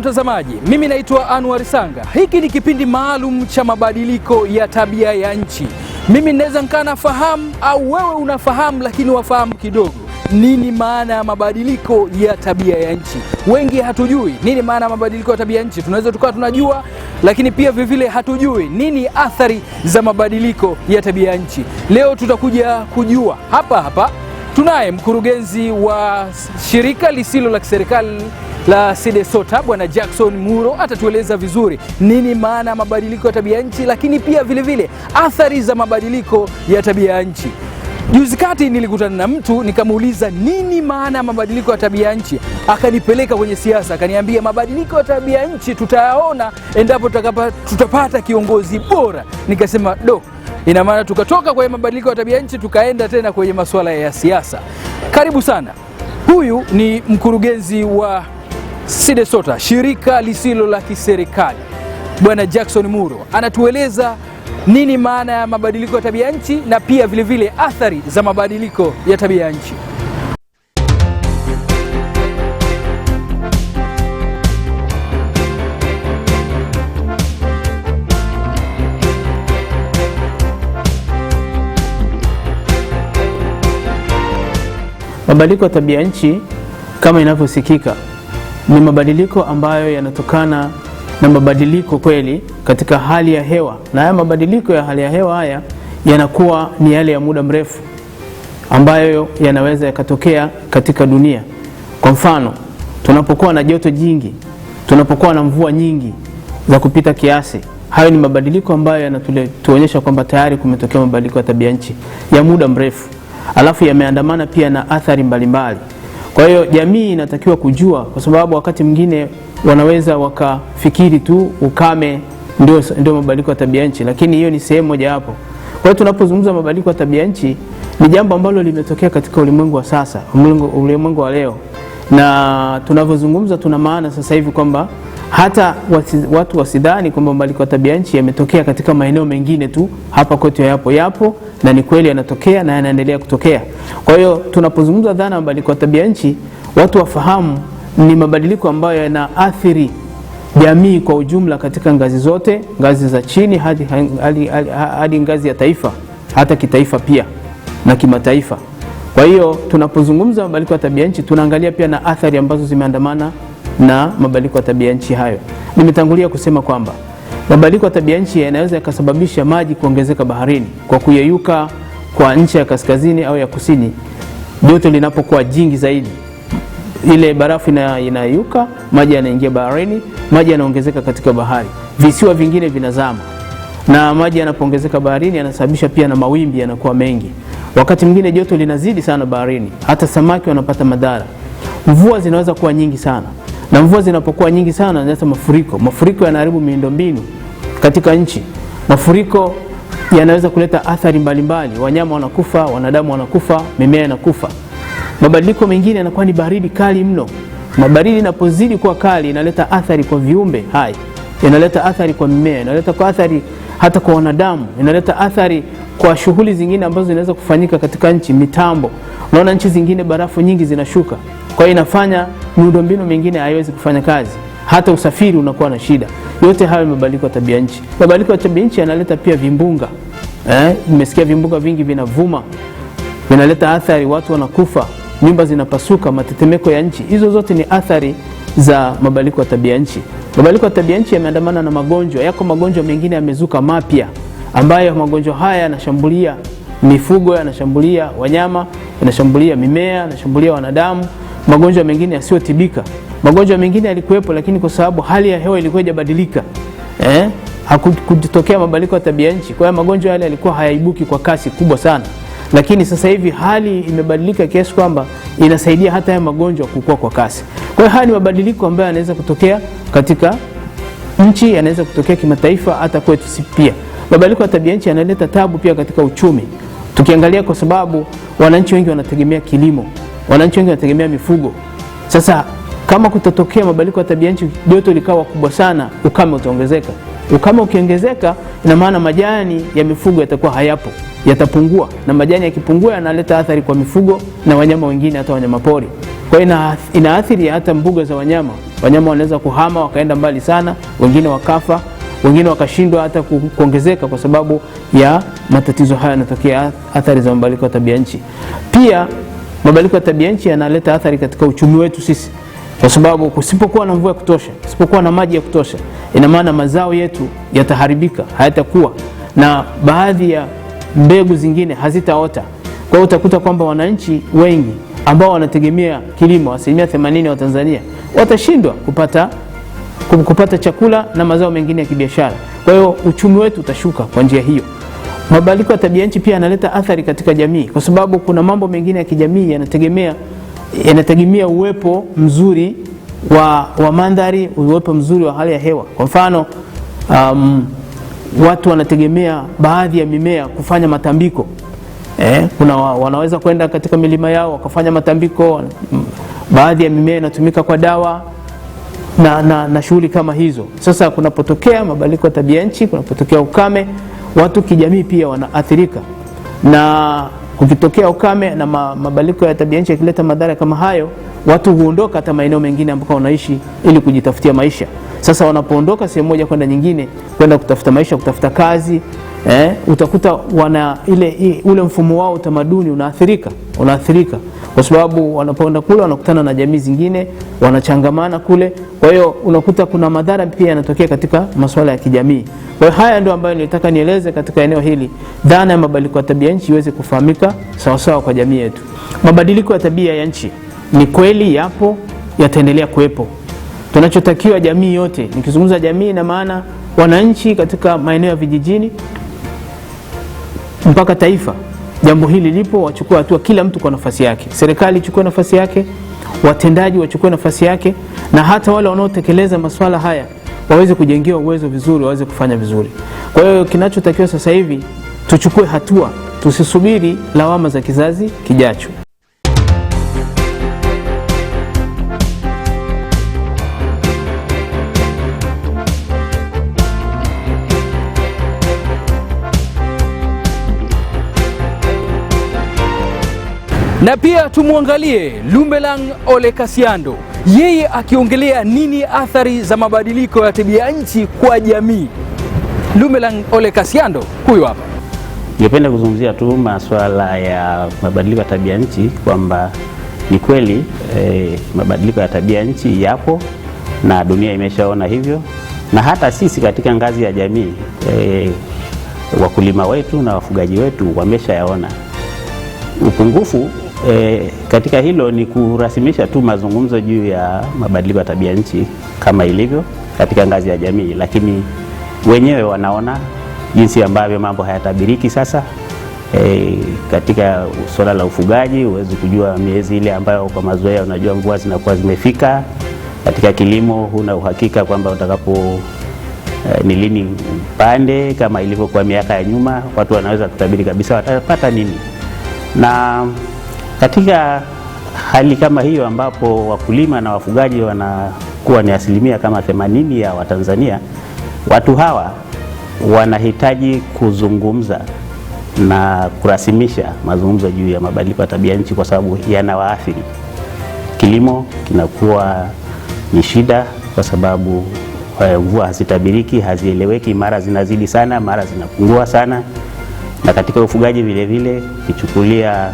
mtazamaji, mimi naitwa Anwar Sanga. Hiki ni kipindi maalum cha mabadiliko ya tabia ya nchi. Mimi naweza nikaa nafahamu au wewe unafahamu, lakini wafahamu kidogo nini maana ya mabadiliko ya tabia ya nchi. Wengi hatujui nini maana ya mabadiliko ya tabia ya nchi. Tunaweza tukawa tunajua, lakini pia vivile hatujui nini athari za mabadiliko ya tabia ya nchi. Leo tutakuja kujua hapa hapa. Tunaye mkurugenzi wa shirika lisilo la kiserikali la Sota Bwana Jackson Muro atatueleza vizuri nini maana ya mabadiliko ya tabia nchi, lakini pia vilevile vile, athari za mabadiliko ya tabia nchi. Juzi kati nilikutana na mtu nikamuuliza nini maana ya mabadiliko ya tabia nchi, akanipeleka kwenye siasa, akaniambia mabadiliko ya tabia nchi tutayaona endapo tutapata kiongozi bora. Nikasema do, ina maana tukatoka kwenye mabadiliko ya tabia nchi tukaenda tena kwenye masuala ya siasa. Karibu sana. Huyu ni mkurugenzi wa Sidesota, shirika lisilo la kiserikali, Bwana Jackson Muro anatueleza nini maana ya mabadiliko ya tabia nchi na pia vilevile vile athari za mabadiliko ya tabia nchi. Mabadiliko ya tabia nchi kama inavyosikika ni mabadiliko ambayo yanatokana na mabadiliko kweli katika hali ya hewa, na haya mabadiliko ya hali ya hewa haya yanakuwa ni yale ya muda mrefu ambayo yanaweza yakatokea katika dunia. Kwa mfano, tunapokuwa na joto jingi, tunapokuwa na mvua nyingi za kupita kiasi, hayo ni mabadiliko ambayo yanatuonyesha kwamba tayari kumetokea mabadiliko ya tabia nchi ya muda mrefu, alafu yameandamana pia na athari mbalimbali mbali. Kwa hiyo jamii inatakiwa kujua, kwa sababu wakati mwingine wanaweza wakafikiri tu ukame ndio, ndio mabadiliko ya tabia nchi, lakini hiyo ni sehemu mojawapo. Kwa hiyo tunapozungumza mabadiliko ya tabia nchi ni jambo ambalo limetokea katika ulimwengu wa sasa, ulimwengu wa leo, na tunavyozungumza tuna maana sasa hivi kwamba hata wasi, watu wasidhani kwamba mabadiliko ya tabia nchi yametokea katika maeneo mengine tu, hapa kwetu yapo yapo, na ni kweli yanatokea na yanaendelea kutokea. Kwa hiyo tunapozungumza dhana ya mabadiliko ya tabia nchi, watu wafahamu ni mabadiliko ambayo yana athiri jamii kwa ujumla katika ngazi zote, ngazi za chini hadi, hadi, hadi, hadi ngazi ya taifa, hata kitaifa pia na kimataifa. Kwa hiyo tunapozungumza mabadiliko ya tabia nchi tunaangalia pia na athari ambazo zimeandamana na mabadiliko ya tabia nchi hayo. Nimetangulia kusema kwamba mabadiliko ya tabia nchi yanaweza yakasababisha maji kuongezeka baharini kwa kuyeyuka kwa ncha ya kaskazini au ya kusini. Joto linapokuwa jingi zaidi, ile barafu inayeyuka, maji yanaingia baharini, maji yanaongezeka katika bahari, visiwa vingine vinazama, na maji yanapoongezeka baharini yanasababisha pia na mawimbi yanakuwa mengi. Wakati mwingine joto linazidi sana baharini, hata samaki wanapata madhara. Mvua zinaweza kuwa nyingi sana na mvua zinapokuwa nyingi sana zinaleta mafuriko. Mafuriko yanaharibu miundombinu katika nchi. Mafuriko yanaweza kuleta athari mbalimbali mbali. Wanyama wanakufa, wanadamu wanakufa, mimea inakufa. Mabadiliko mengine yanakuwa ni baridi kali mno, na baridi inapozidi kuwa kali inaleta athari kwa viumbe hai, inaleta athari kwa mimea, inaleta kwa athari hata kwa wanadamu, inaleta athari kwa shughuli zingine ambazo zinaweza kufanyika katika nchi, mitambo. Unaona nchi zingine barafu nyingi zinashuka. Kwa hiyo inafanya miundombinu mingine haiwezi kufanya kazi, hata usafiri unakuwa na shida. Yote hayo mabadiliko ya tabia nchi. Mabadiliko ya tabia nchi yanaleta pia vimbunga eh. Nimesikia vimbunga vingi vinavuma, vinaleta athari, watu wanakufa, nyumba zinapasuka, matetemeko ya nchi. Hizo zote ni athari za mabadiliko ya tabia nchi. Mabadiliko ya tabia nchi yameandamana na magonjwa. Yako magonjwa mengine yamezuka mapya, ambayo magonjwa haya yanashambulia mifugo, yanashambulia wanyama, yanashambulia mimea, yanashambulia wanadamu magonjwa mengine yasiyotibika. Magonjwa mengine yalikuwepo, lakini kwa sababu hali ya hewa ilikuwa ijabadilika eh, hakutokea mabadiliko ya tabia nchi, kwa hiyo magonjwa yale yalikuwa hayaibuki kwa kasi kubwa sana, lakini sasa hivi hali imebadilika kiasi kwamba inasaidia hata haya magonjwa kukua kwa kasi. Kwa hiyo haya ni mabadiliko ambayo yanaweza kutokea katika nchi, yanaweza kutokea kimataifa, hata kwetu pia. Mabadiliko ya tabia nchi yanaleta tabu pia katika uchumi, tukiangalia kwa sababu wananchi wengi wanategemea kilimo wananchi wengi wanategemea mifugo. Sasa kama kutatokea mabadiliko ya tabia nchi, joto likawa kubwa sana, ukame utaongezeka. Ukame ukiongezeka, ina maana majani ya mifugo yatakuwa hayapo, yatapungua, na majani yakipungua, yanaleta athari kwa mifugo na wanyama wengine, hata wanyamapori. Kwa hiyo inaathiri hata mbuga za wanyama. Wanyama wanaweza kuhama wakaenda mbali sana, wengine wakafa, wengine wakashindwa hata kuongezeka kwa sababu ya matatizo haya yanatokea, athari za mabadiliko ya tabia nchi. Pia Mabadiliko ya tabia nchi yanaleta athari katika uchumi wetu sisi, kwa sababu kusipokuwa na mvua ya kutosha, kusipokuwa na maji ya kutosha, ina maana mazao yetu yataharibika, hayatakuwa na baadhi ya mbegu zingine hazitaota. Kwa hiyo utakuta kwamba wananchi wengi ambao wanategemea kilimo, asilimia 80 wa Tanzania watashindwa kupata, kupata chakula na mazao mengine ya kibiashara. Kwa hiyo uchumi wetu utashuka kwa njia hiyo. Mabadiliko ya tabia nchi pia yanaleta athari katika jamii, kwa sababu kuna mambo mengine ya kijamii yanategemea yanategemea uwepo mzuri wa, wa mandhari, uwepo mzuri wa hali ya hewa. Kwa mfano um, watu wanategemea baadhi ya mimea kufanya matambiko eh, kuna wanaweza kwenda katika milima yao wakafanya matambiko. Baadhi ya mimea inatumika kwa dawa na, na, na shughuli kama hizo. Sasa kunapotokea mabadiliko ya tabia nchi, kunapotokea ukame watu kijamii pia wanaathirika, na kukitokea ukame na mabadiliko ya tabia nchi yakileta madhara kama hayo, watu huondoka hata maeneo mengine ambako wanaishi ili kujitafutia maisha. Sasa wanapoondoka sehemu moja kwenda nyingine, kwenda kutafuta maisha, kutafuta kazi, eh, utakuta wana ile ule mfumo wao utamaduni unaathirika, unaathirika kwa sababu wanapoenda kule wanakutana na jamii zingine, wanachangamana kule. Kwa hiyo unakuta kuna madhara pia yanatokea katika masuala ya kijamii. Kwa hiyo haya ndio ambayo nilitaka nieleze katika eneo hili, dhana ya mabadiliko ya tabia nchi iweze kufahamika sawasawa kwa jamii yetu. Mabadiliko ya tabia ya nchi ni kweli yapo, yataendelea kuwepo. Tunachotakiwa jamii yote, nikizungumza jamii na maana wananchi katika maeneo ya vijijini mpaka taifa. Jambo hili lipo, wachukue hatua, kila mtu kwa nafasi yake. Serikali ichukue nafasi yake, watendaji wachukue nafasi yake, na hata wale wanaotekeleza masuala haya waweze kujengewa uwezo vizuri, waweze kufanya vizuri. Kwa hiyo kinachotakiwa sasa hivi tuchukue hatua, tusisubiri lawama za kizazi kijacho. Na pia tumwangalie Lumbelang Ole Kasiando, yeye akiongelea nini athari za mabadiliko ya tabia nchi kwa jamii. Lumbelang Ole Kasiando huyu hapa. Ningependa kuzungumzia tu masuala ya mabadiliko ya tabia nchi kwamba ni kweli eh, mabadiliko ya tabia nchi yapo na dunia imeshaona hivyo, na hata sisi katika ngazi ya jamii eh, wakulima wetu na wafugaji wetu wameshayaona upungufu E, katika hilo ni kurasimisha tu mazungumzo juu ya mabadiliko ya tabia nchi kama ilivyo katika ngazi ya jamii, lakini wenyewe wanaona jinsi ambavyo mambo hayatabiriki sasa. E, katika suala la ufugaji huwezi kujua miezi ile ambayo kwa mazoea unajua mvua zinakuwa zimefika. Katika kilimo huna uhakika kwamba utakapo e, ni lini upande, kama ilivyokuwa miaka ya nyuma, watu wanaweza kutabiri kabisa watapata nini na katika hali kama hiyo ambapo wakulima na wafugaji wanakuwa ni asilimia kama 80 ya Watanzania, watu hawa wanahitaji kuzungumza na kurasimisha mazungumzo juu ya mabadiliko ya tabia nchi, kwa sababu yanawaathiri. Kilimo kinakuwa ni shida kwa sababu eh, mvua hazitabiriki, hazieleweki, mara zinazidi sana, mara zinapungua sana, na katika ufugaji vilevile kichukulia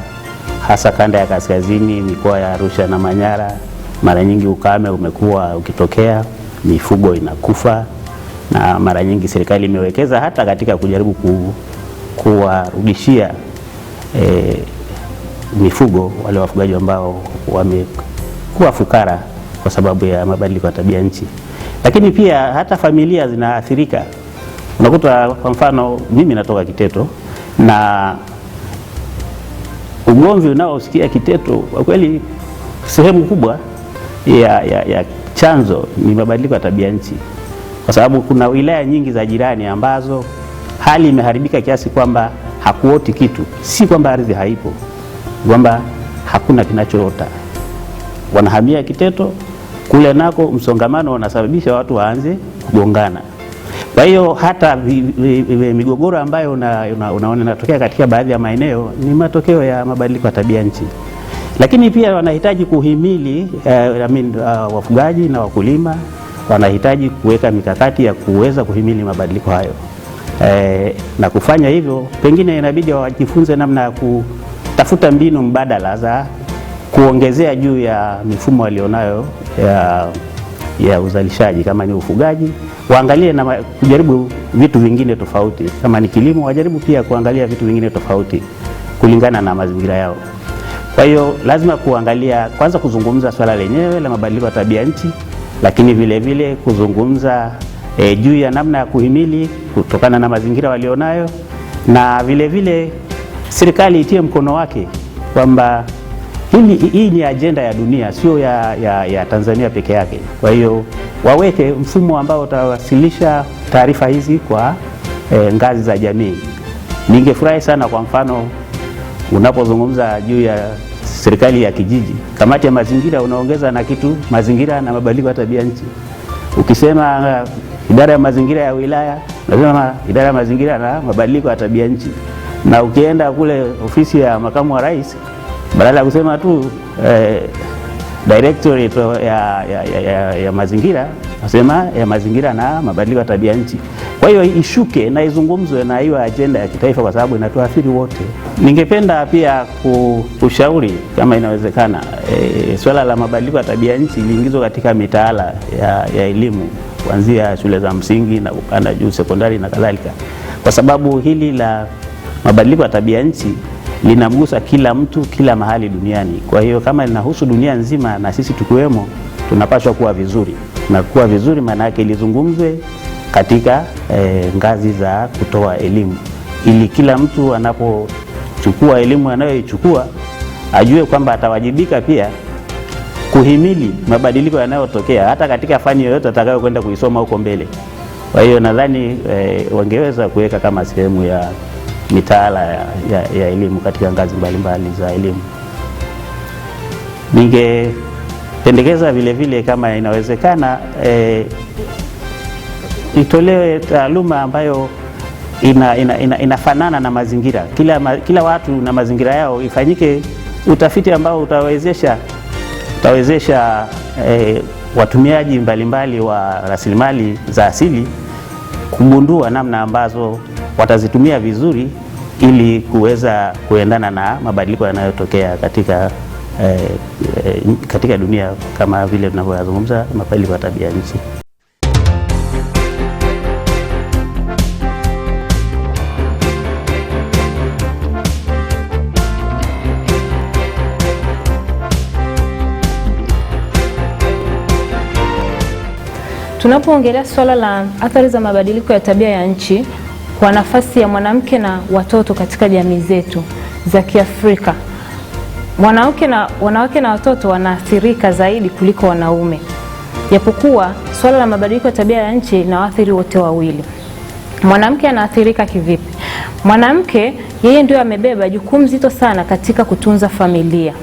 hasa kanda ya kaskazini, mikoa ya Arusha na Manyara. Mara nyingi ukame umekuwa ukitokea, mifugo inakufa, na mara nyingi serikali imewekeza hata katika kujaribu ku, kuwarudishia e, mifugo wale wafugaji ambao wamekuwa fukara kwa sababu ya mabadiliko ya tabia nchi. Lakini pia hata familia zinaathirika, unakuta kwa mfano mimi natoka Kiteto na ugomvi unaosikia Kiteto kwa kweli sehemu kubwa ya, ya, ya chanzo ni mabadiliko ya tabia nchi, kwa sababu kuna wilaya nyingi za jirani ambazo hali imeharibika kiasi kwamba hakuoti kitu. Si kwamba ardhi haipo, kwamba hakuna kinachoota. Wanahamia Kiteto, kule nako msongamano unasababisha watu waanze kugongana. Kwa hiyo hata migogoro ambayo unaona una, inatokea katika baadhi ya maeneo ni matokeo ya mabadiliko ya tabia nchi, lakini pia wanahitaji kuhimili eh, I mean, uh, wafugaji na wakulima wanahitaji kuweka mikakati ya kuweza kuhimili mabadiliko hayo eh, na kufanya hivyo, pengine inabidi wajifunze namna ya kutafuta mbinu mbadala za kuongezea juu ya mifumo walionayo ya, ya uzalishaji kama ni ufugaji waangalie na kujaribu vitu vingine tofauti. Kama ni kilimo, wajaribu pia kuangalia vitu vingine tofauti kulingana na mazingira yao. Kwa hiyo lazima kuangalia kwanza, kuzungumza swala lenyewe la mabadiliko ya tabia nchi, lakini vile vile kuzungumza e, juu ya namna ya kuhimili kutokana na mazingira walionayo, na vile vile serikali itie mkono wake kwamba hii ni ajenda ya dunia, sio ya, ya, ya Tanzania peke yake. Kwa hiyo waweke mfumo ambao utawasilisha taarifa hizi kwa e, ngazi za jamii. Ningefurahi sana kwa mfano, unapozungumza juu ya serikali ya kijiji, kamati ya mazingira, unaongeza na kitu mazingira na mabadiliko ya tabia nchi. Ukisema uh, idara ya mazingira ya wilaya, unasema idara ya mazingira na mabadiliko ya tabia nchi, na ukienda kule ofisi ya makamu wa rais badala ya kusema tu eh, directorate ya, ya, ya, ya mazingira nasema ya mazingira na mabadiliko ya tabia nchi. Kwa hiyo ishuke na izungumzwe na hiyo ajenda ya kitaifa, kwa sababu inatuathiri wote. Ningependa pia kushauri kama inawezekana, e, swala la mabadiliko ya tabia nchi liingizwe katika mitaala ya, ya elimu kuanzia shule za msingi na kupanda juu sekondari na kadhalika, kwa sababu hili la mabadiliko ya tabia nchi linamgusa kila mtu kila mahali duniani. Kwa hiyo kama linahusu dunia nzima na sisi tukiwemo, tunapaswa kuwa vizuri, na kuwa vizuri maana yake lizungumzwe katika eh, ngazi za kutoa elimu, ili kila mtu anapochukua elimu anayoichukua ajue kwamba atawajibika pia kuhimili mabadiliko yanayotokea hata katika fani yoyote atakayokwenda kuisoma huko mbele. Kwa hiyo nadhani eh, wangeweza kuweka kama sehemu ya mitaala ya, ya, ya elimu katika ngazi mbalimbali za elimu. Ningependekeza vile vile kama inawezekana e, itolewe taaluma ambayo ina, ina, ina, inafanana na mazingira kila, ma, kila watu na mazingira yao, ifanyike utafiti ambao utawezesha, utawezesha e, watumiaji mbalimbali wa rasilimali za asili kugundua namna ambazo watazitumia vizuri ili kuweza kuendana na mabadiliko yanayotokea katika eh, eh, katika dunia kama vile tunavyozungumza mabadiliko ya tabia nchi. Tunapoongelea swala la athari za mabadiliko ya tabia ya nchi kwa nafasi ya mwanamke na watoto katika jamii zetu za Kiafrika. Mwanamke na wanawake na watoto wanaathirika zaidi kuliko wanaume, japokuwa swala la mabadiliko ya tabia ya nchi linawaathiri wote wawili. Mwanamke anaathirika kivipi? Mwanamke yeye ndio amebeba jukumu zito sana katika kutunza familia.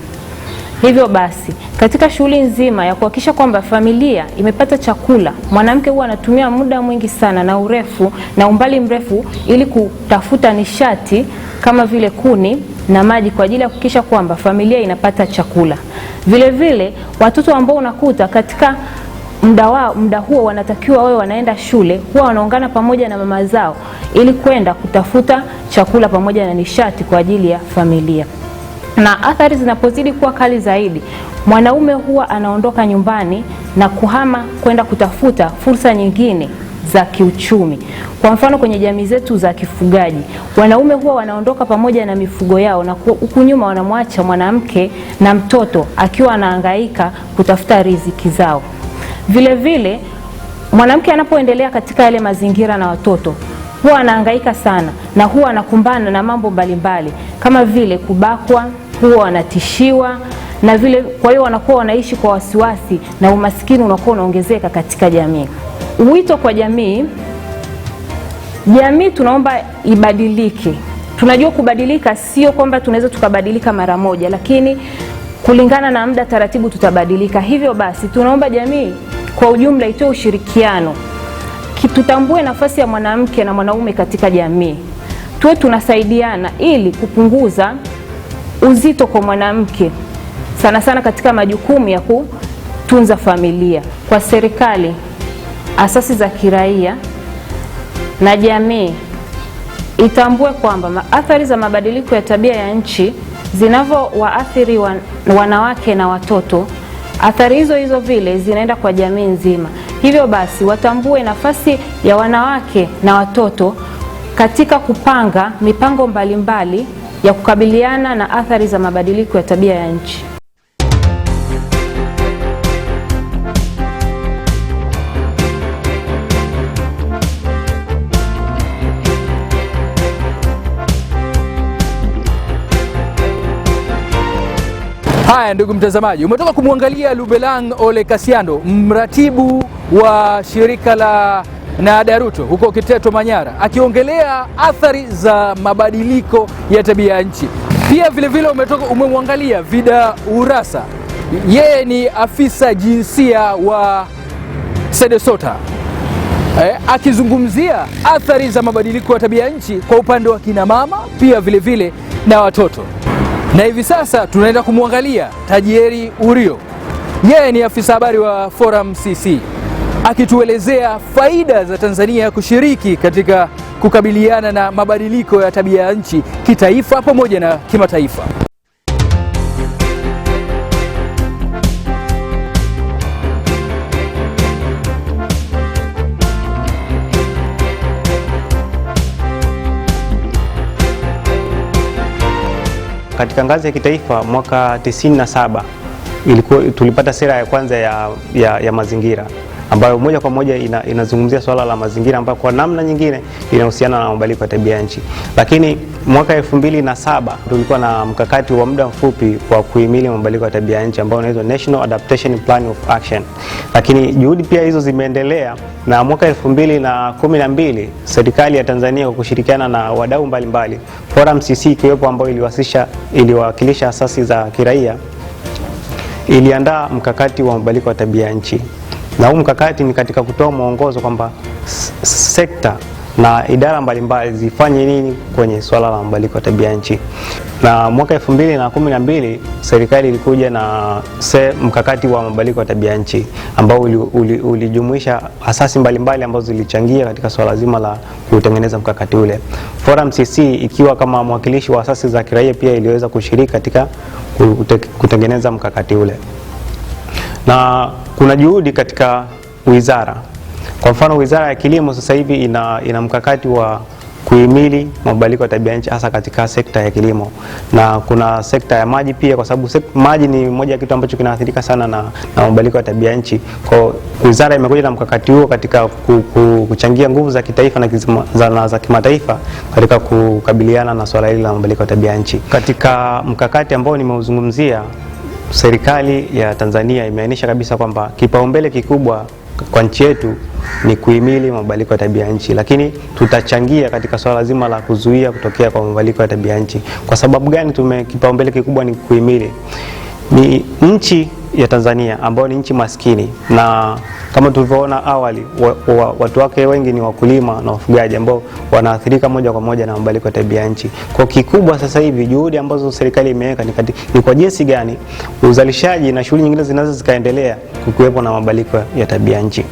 Hivyo basi katika shughuli nzima ya kuhakikisha kwamba familia imepata chakula, mwanamke huwa anatumia muda mwingi sana na urefu na umbali mrefu ili kutafuta nishati kama vile kuni na maji kwa ajili ya kuhakikisha kwamba familia inapata chakula. Vile vile watoto ambao unakuta katika muda wao muda huo wanatakiwa wawe wanaenda shule, huwa wanaungana pamoja na mama zao ili kwenda kutafuta chakula pamoja na nishati kwa ajili ya familia na athari zinapozidi kuwa kali zaidi, mwanaume huwa anaondoka nyumbani na kuhama kwenda kutafuta fursa nyingine za kiuchumi. Kwa mfano, kwenye jamii zetu za kifugaji, wanaume huwa wanaondoka pamoja na mifugo yao, na huku nyuma wanamwacha mwanamke na mtoto akiwa anahangaika kutafuta riziki zao. Vile vile, mwanamke anapoendelea katika yale mazingira na watoto huwa anahangaika sana na huwa anakumbana na mambo mbalimbali kama vile kubakwa wanakuwa wanatishiwa na vile, kwa hiyo wanakuwa wanaishi kwa wasiwasi na umaskini unakuwa unaongezeka katika jamii. Wito kwa jamii, jamii tunaomba ibadilike. Tunajua kubadilika sio kwamba tunaweza tukabadilika mara moja, lakini kulingana na muda, taratibu tutabadilika. Hivyo basi, tunaomba jamii kwa ujumla itoe ushirikiano, tutambue nafasi ya mwanamke na mwanaume katika jamii, tuwe tunasaidiana ili kupunguza uzito kwa mwanamke sana sana katika majukumu ya kutunza familia, kwa serikali, asasi za kiraia na jamii itambue kwamba athari za mabadiliko ya tabia ya nchi zinavyowaathiri wanawake na watoto, athari hizo hizo vile zinaenda kwa jamii nzima. Hivyo basi watambue nafasi ya wanawake na watoto katika kupanga mipango mbalimbali mbali, ya kukabiliana na athari za mabadiliko ya tabia ya nchi. Haya, ndugu mtazamaji, umetoka kumwangalia Lubelang Ole Kasiando, mratibu wa shirika la na Daruto huko Kiteto, Manyara, akiongelea athari za mabadiliko ya tabia ya nchi. Pia vilevile umetoka umemwangalia Vida urasa yeye ni afisa jinsia wa Sedesota eh, akizungumzia athari za mabadiliko ya tabia ya nchi kwa upande wa kina mama pia vilevile vile na watoto. Na hivi sasa tunaenda kumwangalia Tajieri Urio, yeye ni afisa habari wa Forum CC akituelezea faida za Tanzania kushiriki katika kukabiliana na mabadiliko ya tabia ya nchi kitaifa pamoja na kimataifa. Katika ngazi ya kitaifa mwaka 97 ilikuwa tulipata sera ya kwanza ya, ya, ya mazingira ambayo moja kwa moja ina, inazungumzia swala la mazingira ambayo kwa namna nyingine inahusiana na mabadiliko ya tabia nchi. Lakini mwaka elfu mbili na saba tulikuwa na mkakati wa muda mfupi wa kuhimili mabadiliko ya tabia nchi ambao unaitwa National Adaptation Plan of Action, lakini juhudi pia hizo zimeendelea na mwaka elfu mbili na kumi na mbili serikali ya Tanzania kwa kushirikiana na wadau mbalimbali Forum CC ikiwepo ambayo iliwasisha iliwakilisha asasi za kiraia iliandaa mkakati wa mabadiliko ya tabia nchi na huu mkakati ni katika kutoa mwongozo kwamba sekta na idara mbalimbali zifanye nini kwenye swala la mabadiliko ya tabia nchi. Na mwaka 2012 serikali ilikuja na se mkakati wa mabadiliko ya tabia nchi ambao ulijumuisha uli, uli asasi mbalimbali ambazo zilichangia katika swala zima la kutengeneza mkakati ule. Forum CC ikiwa kama mwakilishi wa asasi za kiraia pia iliweza kushiriki katika kutengeneza mkakati ule na kuna juhudi katika wizara. Kwa mfano, wizara ya kilimo sasa hivi ina, ina mkakati wa kuhimili mabadiliko ya tabia nchi hasa katika sekta ya kilimo na kuna sekta ya maji pia, kwa sababu maji ni moja ya kitu ambacho kinaathirika sana na, na mabadiliko ya tabia nchi. Kwa wizara imekuja na mkakati huo katika kuchangia nguvu za kitaifa na, za kimataifa katika kukabiliana na swala hili la mabadiliko ya tabia nchi. Katika mkakati ambao nimeuzungumzia Serikali ya Tanzania imeainisha kabisa kwamba kipaumbele kikubwa kwa nchi yetu ni kuhimili mabadiliko ya tabia nchi, lakini tutachangia katika swala zima la kuzuia kutokea kwa mabadiliko ya tabia nchi. Kwa sababu gani tume kipaumbele kikubwa ni kuhimili ni nchi ya Tanzania ambayo ni nchi maskini na kama tulivyoona awali wa, wa, watu wake wengi ni wakulima na wafugaji ambao wanaathirika moja kwa moja na mabadiliko ya tabia nchi. Kwa kikubwa sasa hivi juhudi ambazo serikali imeweka ni, ni kwa jinsi gani uzalishaji na shughuli nyingine zinaweza zikaendelea kukiwepo na mabadiliko ya tabia nchi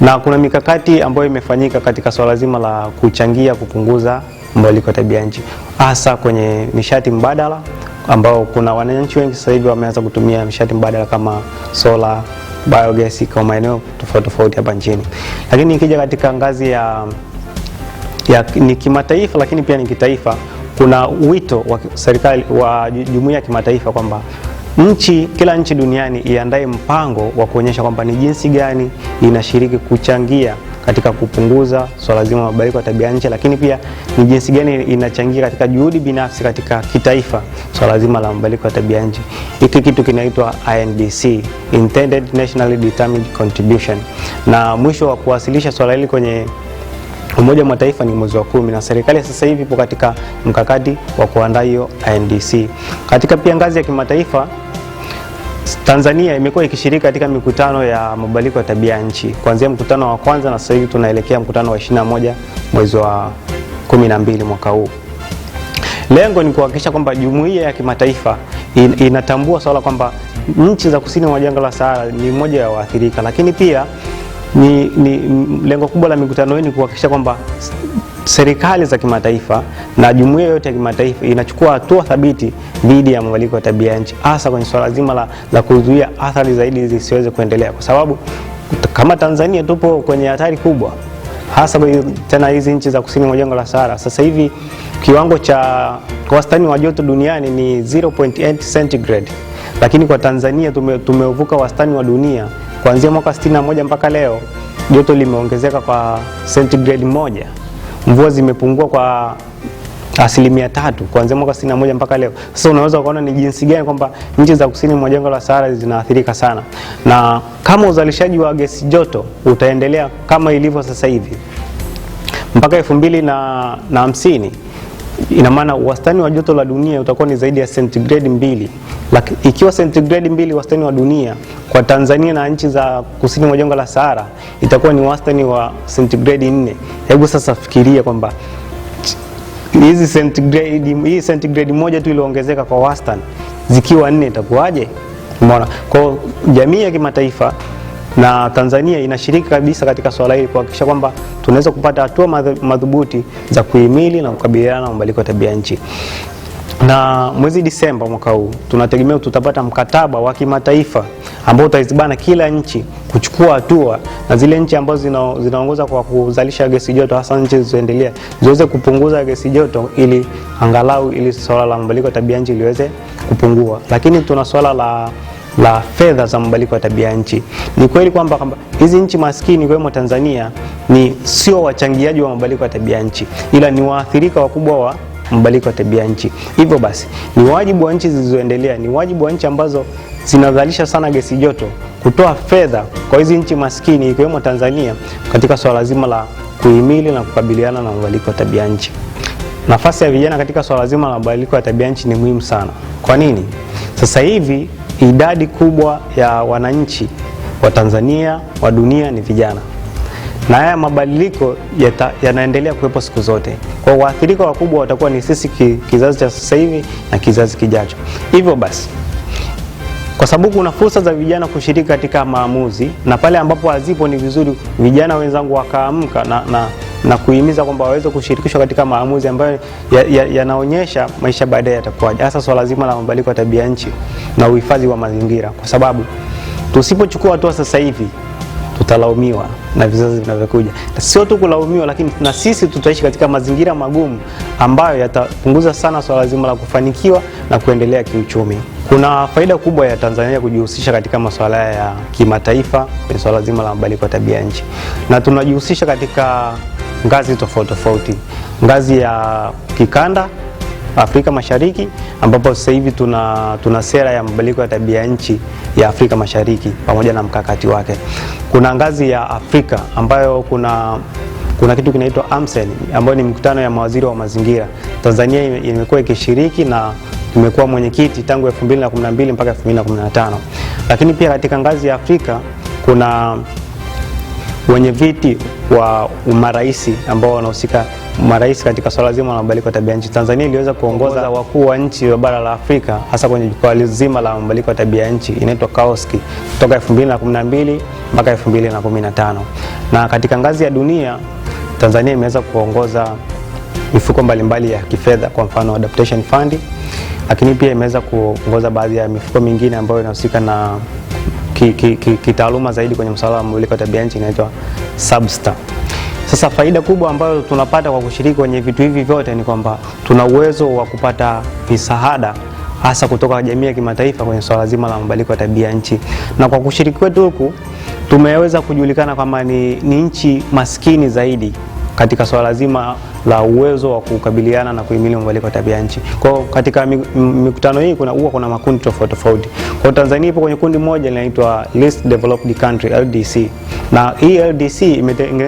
na kuna mikakati ambayo imefanyika katika swala zima la kuchangia kupunguza mabadiliko ya tabia nchi hasa kwenye nishati mbadala ambao kuna wananchi wengi sasa hivi wameanza kutumia nishati mbadala kama sola, biogas kwa maeneo tofauti tofauti hapa nchini. Lakini ikija katika ngazi ya, ya ni kimataifa lakini pia ni kitaifa, kuna wito wa serikali wa jumuiya ya kimataifa kwamba nchi, kila nchi duniani iandae mpango wa kuonyesha kwamba ni jinsi gani inashiriki kuchangia katika kupunguza swala zima mabadiliko ya tabia nchi, lakini pia ni jinsi gani inachangia katika juhudi binafsi katika kitaifa swala zima la mabadiliko ya tabia nchi. Hiki kitu kinaitwa INDC, Intended Nationally Determined Contribution, na mwisho wa kuwasilisha swala hili kwenye Umoja wa Mataifa ni mwezi wa kumi, na serikali sasa hivi ipo katika mkakati wa kuandaa hiyo INDC. Katika pia ngazi ya kimataifa Tanzania imekuwa ikishiriki katika mikutano ya mabadiliko ya tabia nchi kuanzia mkutano wa kwanza na sasa hivi tunaelekea mkutano wa 21 mwezi wa 12 mwaka huu. Lengo ni kuhakikisha kwamba jumuiya ya kimataifa inatambua swala kwamba nchi za kusini mwa jangwa la Sahara ni moja ya waathirika, lakini pia ni, ni lengo kubwa la mikutano hii ni kuhakikisha kwamba serikali za kimataifa na jumuiya yote ya kimataifa inachukua hatua thabiti dhidi ya mabadiliko ya tabia nchi, hasa kwenye swala zima la, la kuzuia athari zaidi zisiweze kuendelea, kwa sababu kama Tanzania tupo kwenye hatari kubwa, hasa tena hizi nchi za kusini mwa jangwa la Sahara. Sasa hivi kiwango cha wastani wa joto duniani ni 0.8 centigrade, lakini kwa Tanzania tume, wastani wa dunia kuanzia mwaka 61 mpaka leo, joto limeongezeka kwa centigrade moja mvua zimepungua kwa asilimia tatu kuanzia mwaka sitini na moja mpaka leo. Sasa unaweza ukaona ni jinsi gani kwamba nchi za kusini mwa jangwa la Sahara zinaathirika sana, na kama uzalishaji wa gesi joto utaendelea kama ilivyo sasa hivi mpaka elfu mbili na hamsini ina maana wastani wa joto la dunia utakuwa ni zaidi ya sentigredi mbili. Laki, ikiwa sentigredi mbili wastani wa dunia kwa Tanzania na nchi za kusini mwa jangwa la Sahara itakuwa ni wastani wa sentigredi nne. Hebu sasa fikiria kwamba hizi sentigredi, hii sentigredi moja tu iliongezeka kwa wastani zikiwa nne itakuwaje? Umeona, kwa jamii ya kimataifa na Tanzania inashiriki kabisa katika swala hili kuhakikisha kwamba tunaweza kupata hatua madhubuti za kuhimili na kukabiliana na mabadiliko ya tabia nchi na mwezi Disemba mwaka huu tunategemea tutapata mkataba wa kimataifa ambao utaizibana kila nchi kuchukua hatua na zile nchi ambazo zinaongoza kwa kuzalisha gesi joto hasa nchi zilizoendelea ziweze kupunguza gesi joto ili angalau ili swala la mabadiliko ya tabia nchi liweze kupungua, lakini tuna swala la la fedha za mabadiliko ya tabia nchi. Ni kweli kwamba hizi nchi maskini ikiwemo Tanzania ni sio wachangiaji wa mabadiliko ya tabia nchi, ila ni waathirika wakubwa wa mabadiliko ya tabia nchi. Hivyo basi, ni wajibu wa nchi zilizoendelea, ni wajibu wa nchi ambazo zinazalisha sana gesi joto kutoa fedha kwa hizi nchi maskini ikiwemo Tanzania katika swala zima la kuhimili na kukabiliana na mabadiliko ya tabia nchi. Nafasi ya vijana katika swala zima la mabadiliko ya tabia nchi ni muhimu sana. Kwa nini? Sasa hivi idadi kubwa ya wananchi wa Tanzania wa dunia ni vijana, na haya mabadiliko yanaendelea kuwepo siku zote. Kwa waathirika wakubwa watakuwa ni sisi, kizazi cha sasa hivi na kizazi kijacho. Hivyo basi, kwa sababu kuna fursa za vijana kushiriki katika maamuzi, na pale ambapo hazipo, ni vizuri vijana wenzangu wakaamka na, na na kuhimiza kwamba waweze kushirikishwa katika maamuzi ambayo yanaonyesha ya, ya maisha baadaye yatakuwaje, hasa swala zima la mabadiliko ya tabia nchi na uhifadhi wa mazingira, kwa sababu tusipochukua hatua sasa hivi tutalaumiwa na vizazi vinavyokuja. Sio tu kulaumiwa, lakini na sisi tutaishi katika mazingira magumu ambayo yatapunguza sana swala zima la kufanikiwa na kuendelea kiuchumi. Kuna faida kubwa ya Tanzania kujihusisha katika masuala ya kimataifa, kwenye swala zima la mabadiliko ya tabia nchi, na tunajihusisha katika ngazi tofauti tofauti, ngazi ya kikanda Afrika Mashariki ambapo sasa hivi tuna, tuna sera ya mabadiliko ya tabia nchi ya Afrika Mashariki pamoja na mkakati wake. Kuna ngazi ya Afrika ambayo kuna kuna kitu kinaitwa AMCEN ambayo ni mkutano ya mawaziri wa mazingira. Tanzania imekuwa ikishiriki na imekuwa mwenyekiti tangu 2012 mpaka 2015. Lakini pia katika ngazi ya Afrika kuna wenye viti wa maraisi ambao wanahusika marais katika swala zima la mabadiliko ya tabia nchi. Tanzania iliweza kuongoza wakuu wa nchi wa bara la Afrika hasa kwenye jukwaa zima la mabadiliko ya tabia nchi, inaitwa Kaoski kutoka 2012 mpaka 2015. Na katika ngazi ya dunia Tanzania imeweza kuongoza mifuko mbalimbali ya kifedha, kwa mfano Adaptation Fund, lakini pia imeweza kuongoza baadhi ya mifuko mingine ambayo inahusika na kitaaluma ki, ki, ki zaidi kwenye msala wa mabadiliko ya tabia nchi inaitwa Substar. Sasa faida kubwa ambayo tunapata kwa kushiriki kwenye vitu hivi vyote ni kwamba tuna uwezo wa kupata misaada hasa kutoka jamii ya kimataifa kwenye swala zima la mabadiliko ya tabia nchi, na kwa kushiriki kwetu huku tumeweza kujulikana kwamba ni, ni nchi maskini zaidi katika swala zima la uwezo wa kukabiliana na kuhimili mabadiliko ya tabia nchi. Kwa katika mikutano hii kuna huwa kuna makundi tofauti tofauti. Kwa Tanzania ipo kwenye kundi moja linaloitwa Least Developed Country LDC, na hii LDC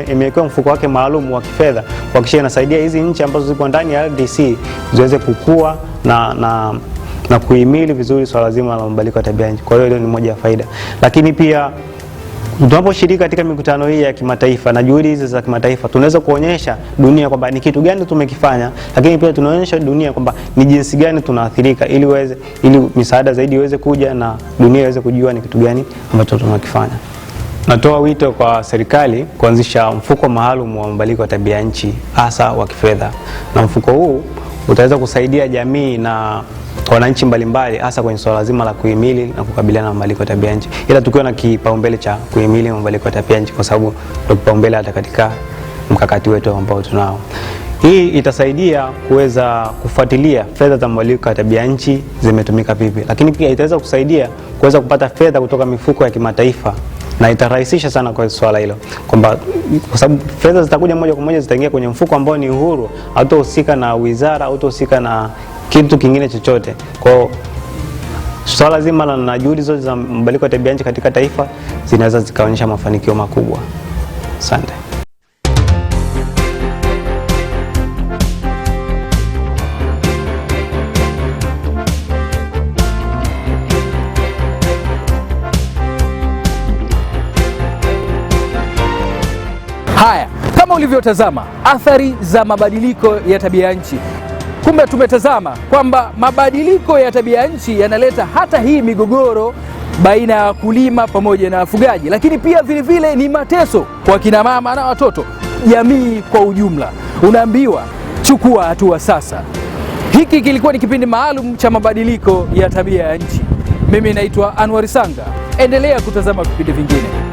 imewekewa mfuko wake maalum wa kifedha kuhakikisha inasaidia hizi nchi ambazo zipo ndani ya LDC ziweze kukua na, na na kuhimili vizuri swala zima la mabadiliko ya tabia nchi. Kwa hiyo ni moja ya faida, lakini pia Tunaposhiriki katika mikutano hii ya kimataifa na juhudi hizi za kimataifa, tunaweza kuonyesha dunia kwamba ni kitu gani tumekifanya, lakini pia tunaonyesha dunia kwamba ni jinsi gani tunaathirika, ili weze, ili misaada zaidi iweze kuja na dunia iweze kujua ni kitu gani ambacho tunakifanya. Natoa wito kwa serikali kuanzisha mfuko maalum wa mabadiliko ya tabia nchi hasa wa kifedha, na mfuko huu utaweza kusaidia jamii na wananchi mbalimbali, hasa kwenye swala zima la kuhimili na kukabiliana na mabadiliko ya tabia nchi, ila tukiwa na kipaumbele cha kuhimili mabadiliko ya tabia nchi, kwa sababu ndio kipaumbele hata katika mkakati wetu ambao tunao. Hii itasaidia kuweza kufuatilia fedha za mabadiliko ya tabia nchi zimetumika vipi, lakini pia itaweza kusaidia kuweza kupata fedha kutoka mifuko ya kimataifa na itarahisisha sana kwa swala hilo, kwamba kwa sababu fedha zitakuja moja kwa moja zitaingia kwenye mfuko ambao ni uhuru, hautohusika na wizara, hautohusika na kitu kingine chochote. Kwa swala zima na juhudi zote za mabadiliko ya tabia nchi katika taifa zinaweza zikaonyesha mafanikio makubwa. Asante. Haya, kama ulivyotazama athari za mabadiliko ya tabia nchi, kumbe tumetazama kwamba mabadiliko ya tabia nchi yanaleta hata hii migogoro baina ya wakulima pamoja na wafugaji, lakini pia vilevile vile ni mateso kwa kina mama na watoto, jamii kwa ujumla. Unaambiwa chukua hatua sasa. Hiki kilikuwa ni kipindi maalum cha mabadiliko ya tabia ya nchi. Mimi naitwa Anwar Sanga, endelea kutazama vipindi vingine.